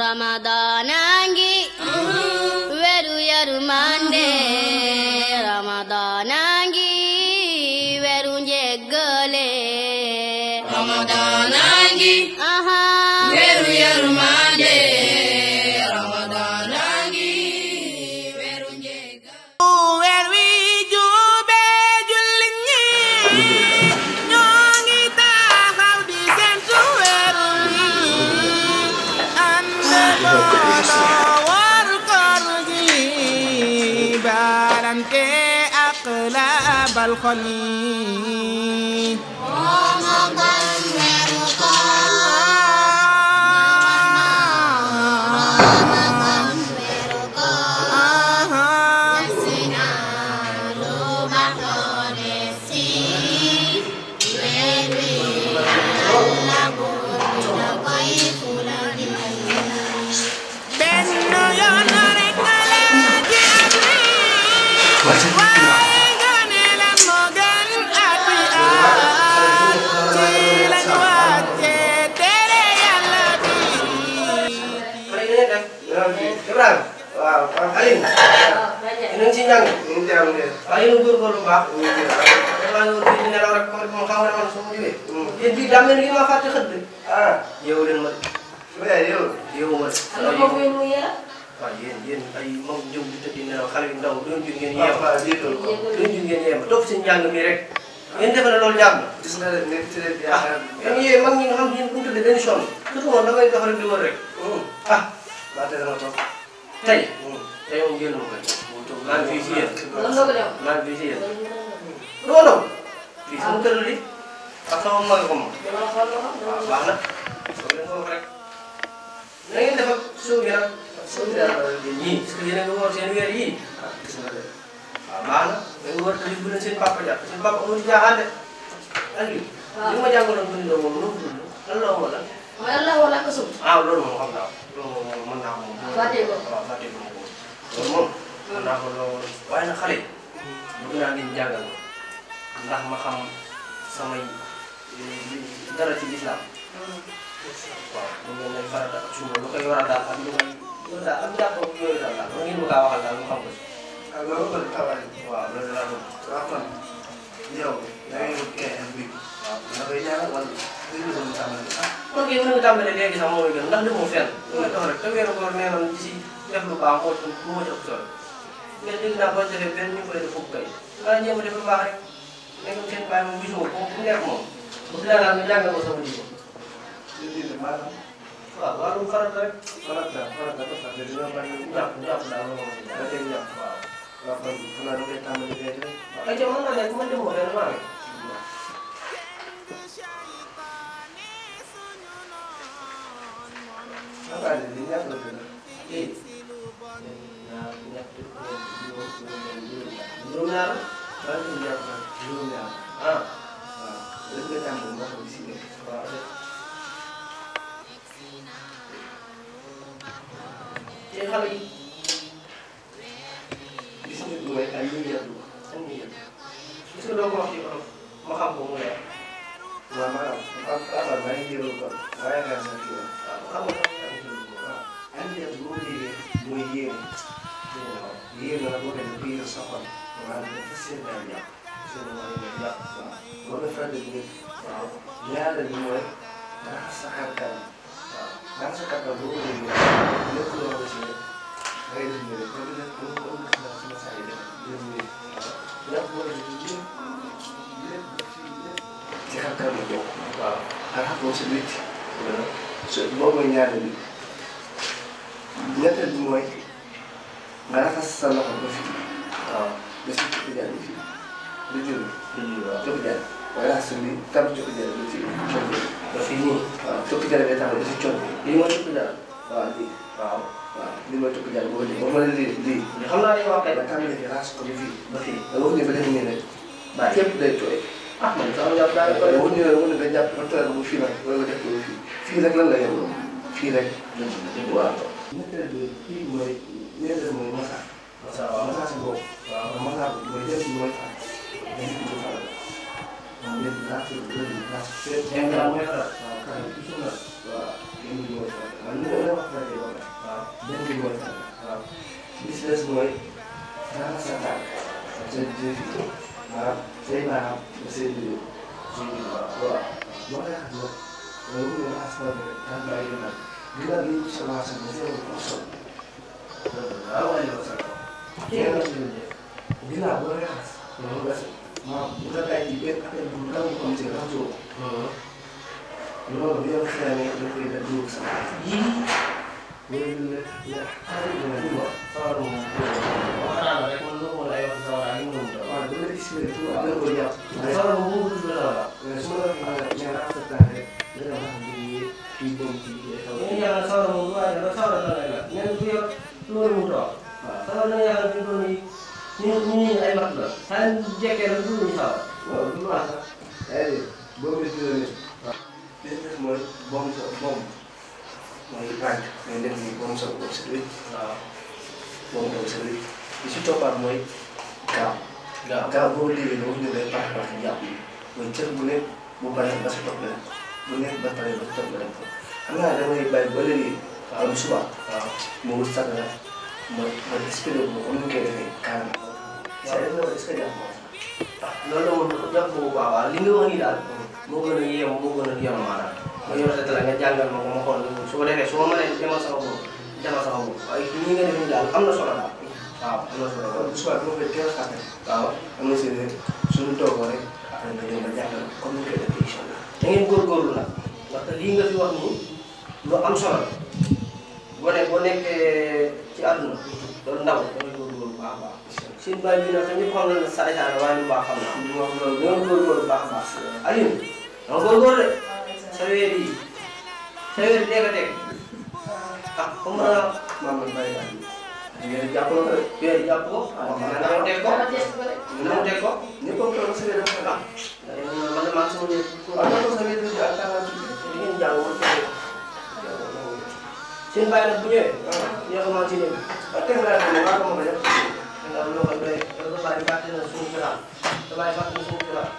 Ramadan a ngi weeru uh-huh. yërmande ante ak laabal xol yi Aliou. waaw ci njàng. ñu ngi ci am déet. waaw yéen a góorgóorlu bu baax. ñu ngi ci am déet. vraiment dina raw rek moom xam nga ne man su ma jógee. yéen bii daa mel ni li ma fàtte xëdd. ah yow leen ma de. su dee yow. yow ma de. alors kooku yéen mu yéex. waaw yéen yéen ay mag jóg di tëdd nelaw xale yu ndaw doon jóg ngeen yeema. waaw jiital ko doon jóg ngeen yeema topp seen njàng mi rek. ngeen defe ne loolu jàmm. gis nga rek nekk ci leen bi yaakaar. ah yéen mag ñi nga xam ne yéen bu ñu tëddee dañu sonn. surtout moom damay dox rek di wër rek. ah. ba tey dama toog tey te yow génn ma ko. maa ngi fii si yéen. maa ngi fii si yéen. looloo. fii sama kër li ak sama mag ko moom. waaw baax na. loolu rek. na ngeen def ak suuf gi nag. suuf gi dara ñii parce que yéen a ngi woor seen weer yii. waaw baax na. da nga war a tëj bu leen seen papa jàpp seen papa amul jaaxaan de. ak li ma jàngaloon bu ñu doon moom loolu lan la woon lan. mooy lan la woon ak suuf. ah loolu moom xam naa loolu moom mën naa ko moom. loolu moom mën naa ko lool waaye nag xale bëgg naa ngeen jàngal ndax ma xam samay eh, dara ci lislaam waaw moom moom lay farata ak suuna lu koy waral daal ak lu koy loolu daal ak njàpp yooyu daal daal ngeen bëgg a waxal daal mu xam ko si. ah loolu bëri xabaar yi. waaw loolu laa bëgg. waaw kon yow da ngay wut KM bi. waaw da ngay jàngal wala day doon tàmbali. ah kon kay mën nga tàmbali léegi sax moo gën ndax demoo fenn. da ngay dox rek te weeru koor nee nañ ci. def lu baax moo ci moo ci ëpp solo mais léegi daal boo defee benn ñu ngi koy def fukk kay wala ñoom def lu baax rek léegi seen bàyyi moom gisuma ko bu neex moom bu fi daanaka nga jàngal ko sama ji ko. waaw wàllum farata rek farata farata parce que dañoo bari ñàkk ñàkk daal moom da cee ñàkk waaw. waaw kon xanaa da koy tàmbali rek. waaw rajo mën naa nekk mën demoo benn maa ngi. waaw. xanaa daal di ñàkk la gën a. ñett juróom juróom-ñaar ah waaw lan nga tàmbali nga xam si ne waaw. te xale yi gis nga du may ay yëngu yàlla du ko gis nga doo ko wax ci olof ma xam ko mu leer waaw maanaam am amal maa ngi jëloon kon waaye xam nga waaw xam nga waaw. 家がどれのビールサファリとかあるんですよね。wala fànn bi waaw ñaar ñi mooy raxas sa kàttan waaw raxas sa kàttan boo ko déggee lépp loo xam si ne ngay def ñu rek ba dina ba mu ëmb si naan sama saa yi def yéen ñëpp waaw yàpp mooy lépp lépp lépp ci kàttan la bokk waaw raxas moom si nit. waaw so boobu mooy ñaar bi ñetteel bi mooy. nga raxas sa loxo ba fii waaw ba si coppu jàll bi fii lu jënd. waaw coppu jàll waaye raxas suñu tam coppu jàll ba ci coono bi. ba fii nii. waaw coppu jàll bee tàmbali ba si coono bi. lii mooy coppu jàll. waaw lii. waaw waaw lii mooy coppu jàll boo ko ba pare lii lii. xam naa ne waa kay. ba tàmbali fi raxas ko ba fii. ba fii da nga ko ñëw ba def nii rek. bàyyi képp day tooy. ah man sama jàpp daal la ko ñëwee wala nga jàpp ba tooy ba fii nag wala nga def ko ba fii fii rek lan la yem fii rek. waaw ñetteel bi kii mooy ñeenteel mooy massage. massage waaw massage si bopp. waaw ndax massage mooy jël si mooy xaar. dañ ko jël xaar. waaw léegi laaj bi dëgg yi laaj. seen xaar mooy xaar. waaw xaar bi toujours nag. waaw dañ ko jël xaar. waaw li ko doon wax xaar yi ba pare. waaw dañ ko jël xaar. waaw li si des mooy daanaka sa tànk. ak sa jëf yi. waaw say maanaam ba say biir. suñu waaw waaw. boo koy xaar nag loolu lu ma askan bi rek tànn bàyyi nag. bila bi sallallahu alayhi wa sallam sallallahu alayhi wa sallam kenn bila bu la xas bu la ma bu la bàyyi benn appel bu ndaw comme si rajo loolu bi yow xamee da koy def dugub sama yii loolu la ya xarit dina di wax sawar moom waxtaan rek man lu ma la yokk sawar ak mu waaw dama gis ne tuuti dina ko jàpp sawar moom mu la su ma la dañuy yaakaar sawar moom lu waay def sawar la lay def nee na du yor loolu mu toog waaw sawar dañuy yaakaar fi mu toll nii ñun ñun ñu ay mat la. xale bu jekkee rek du ñu sawar. waaw du mu wax sax. yaa ngi boobu la ci la nit. waaw benn bés mooy bomb sa bomb mooy ràññ mooy def nii bomb sa bomb sa wécc. waaaa bomb sa bomb sa wécc li si toppaat mooy gaaw. gaaw gaaw boo déggee da nga ko ñu day baax a baax a jàpp mooy cër bu nekk bu baaxee ba sa topp la bu nekk ba pare ba topp la dem fa. xanaa damay bàyyi ba léegi. waaw ah. bu subaa. Ah. waaw moom sax la ma ma expliqué ko comme ni koy defee carrément. waaw ah. est-ce que loolu est-ce que jàpp na loolu la woon jàpp bu baax waaw li nga wax nii daal. moo gën a yem moo gën a yem maanaam. ma yor la nga jàngal ma ko ma xool su ko defee su ma mënee demal sama bopp demal sama bopp waaye nii nga def nii daal am na solo daal. waaw am na solo kon bu subaa bi ma koy teel a fàtte. waaw am na seen suñu toogoo rek. après nga dem ba jàngal comme ni koy defee incha allah. da ngeen góorgóorlu nag. waxtaan lii nga fi wax nii. lu am solo boo ne boo nekkee ci àdduna loolu ndaw dafay góorgóorlu bu baax a baax. suñu baay bi nag ñëpp xam nañu ne saa yàlla waaye lu baax xam naa. ñu wax loolu dinañ góorgóorlu bu baax a baax. Alioune dama góorgóorlu de. sa weer yi sa weer yi dégg nga dégg ah comme ma la. maam man bàyyi laa ji. ngeen jàpp ko rek. ngeen jàpp ko. waaw ngeen doon teg ko. ngeen doon teg ko. ñëpp a ko doon sa weer dafa ko baax. Ah, man de maa sama njëriñ. waaw man de maa sama njëriñ ak seen bàyyi nag bu ñëwee. ñoo xamante ni waaw teg naa ne waaw moom la def. da nga ko doy da nga bàyyi fàtte na suñu cosaan da bàyyi fàtte na suñu cosaan.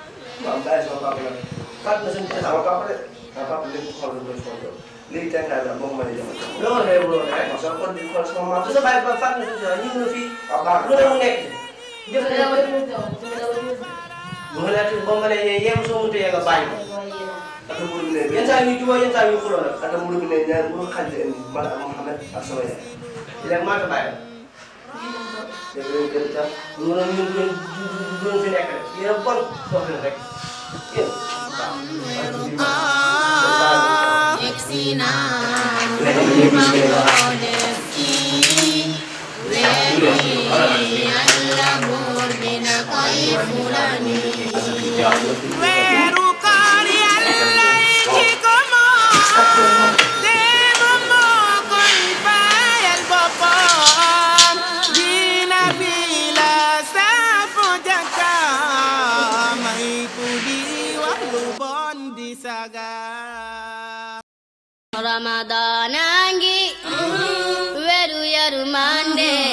waaw bàyyi sama papa la. fàtte na suñu cosaan. waaw papa de waaw papa léegi xool na loolu xool loolu. léegi teg naa la moom ma lay defal. loolu la yow loolu rek. soo ko di xool sama maam. su sa bàyyi ba fàtte na suñu cosaan ñu ngi fii. waaw baax na loolu nekk. jëf na la ba mu lay yem soo mu téye nga bàyyi ak a mënul ne yenn saa yi ñuy jubóo yenn saa yi ñuy xuloo nag ak a mënul ne ñaar mënul xaj la indi man ak Mouhamed ak sama yaay léegi maa ko bàyyi la. dégg nga jël tax ñu mënoon ñu doon doon fi nekk rek yéen a bon doxalin rek yéen. waaw. Ramadan a ngi weeru uh-huh. yërmande